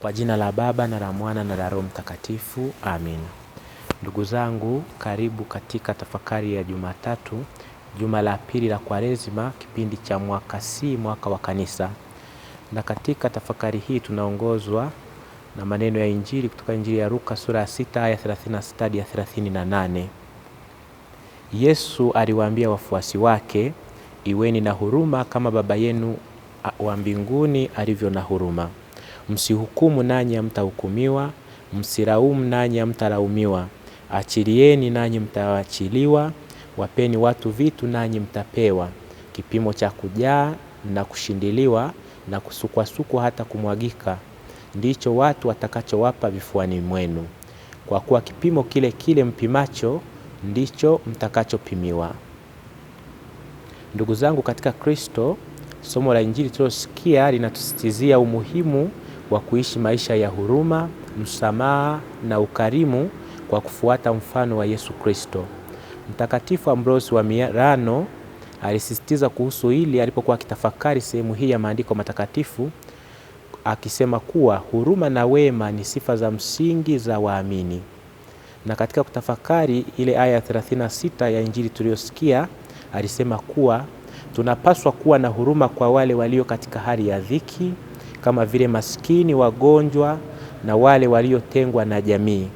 Kwa jina la Baba na la Mwana na la Roho Mtakatifu, amin. Ndugu zangu, karibu katika tafakari ya Jumatatu, juma la pili la Kwaresima, kipindi cha mwaka si mwaka wa Kanisa. Na katika tafakari hii tunaongozwa na maneno ya Injili kutoka Injili ya Luka sura ya 6 aya 36 hadi 38. Yesu aliwaambia wafuasi wake, iweni na huruma kama Baba yenu wa mbinguni alivyo na huruma. Msihukumu nanyi hamtahukumiwa, msilaumu nanyi hamtalaumiwa, achilieni nanyi mtaachiliwa, wapeni watu vitu nanyi mtapewa, kipimo cha kujaa na kushindiliwa na kusukwasukwa hata kumwagika, ndicho watu watakachowapa vifuani mwenu, kwa kuwa kipimo kile kile mpimacho ndicho mtakachopimiwa. Ndugu zangu katika Kristo, somo la Injili tulilosikia linatusitizia umuhimu wa kuishi maisha ya huruma, msamaha na ukarimu kwa kufuata mfano wa Yesu Kristo. Mtakatifu Ambrosi wa Milano alisisitiza kuhusu hili alipokuwa akitafakari sehemu hii ya maandiko matakatifu akisema kuwa huruma na wema ni sifa za msingi za waamini. Na katika kutafakari ile aya ya 36 ya Injili tuliyosikia, alisema kuwa tunapaswa kuwa na huruma kwa wale walio katika hali ya dhiki, kama vile maskini, wagonjwa na wale waliotengwa na jamii.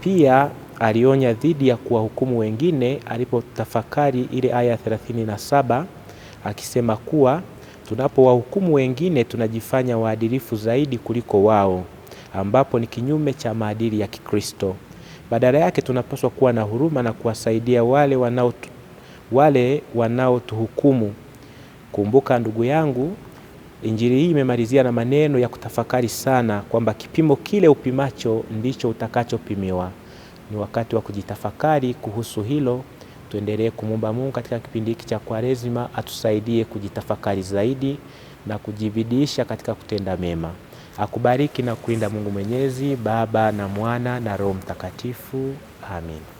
Pia alionya dhidi ya kuwahukumu wengine alipotafakari ile aya 37 akisema kuwa tunapowahukumu wengine tunajifanya waadilifu zaidi kuliko wao, ambapo ni kinyume cha maadili ya Kikristo. Badala yake tunapaswa kuwa na huruma na kuwasaidia wale wanao wale wanaotuhukumu. Kumbuka ndugu yangu, Injili hii imemalizia na maneno ya kutafakari sana kwamba kipimo kile upimacho ndicho utakachopimiwa. Ni wakati wa kujitafakari kuhusu hilo. Tuendelee kumwomba Mungu katika kipindi hiki cha Kwaresima atusaidie kujitafakari zaidi na kujibidisha katika kutenda mema. Akubariki na kulinda Mungu Mwenyezi, Baba na Mwana na Roho Mtakatifu. Amin.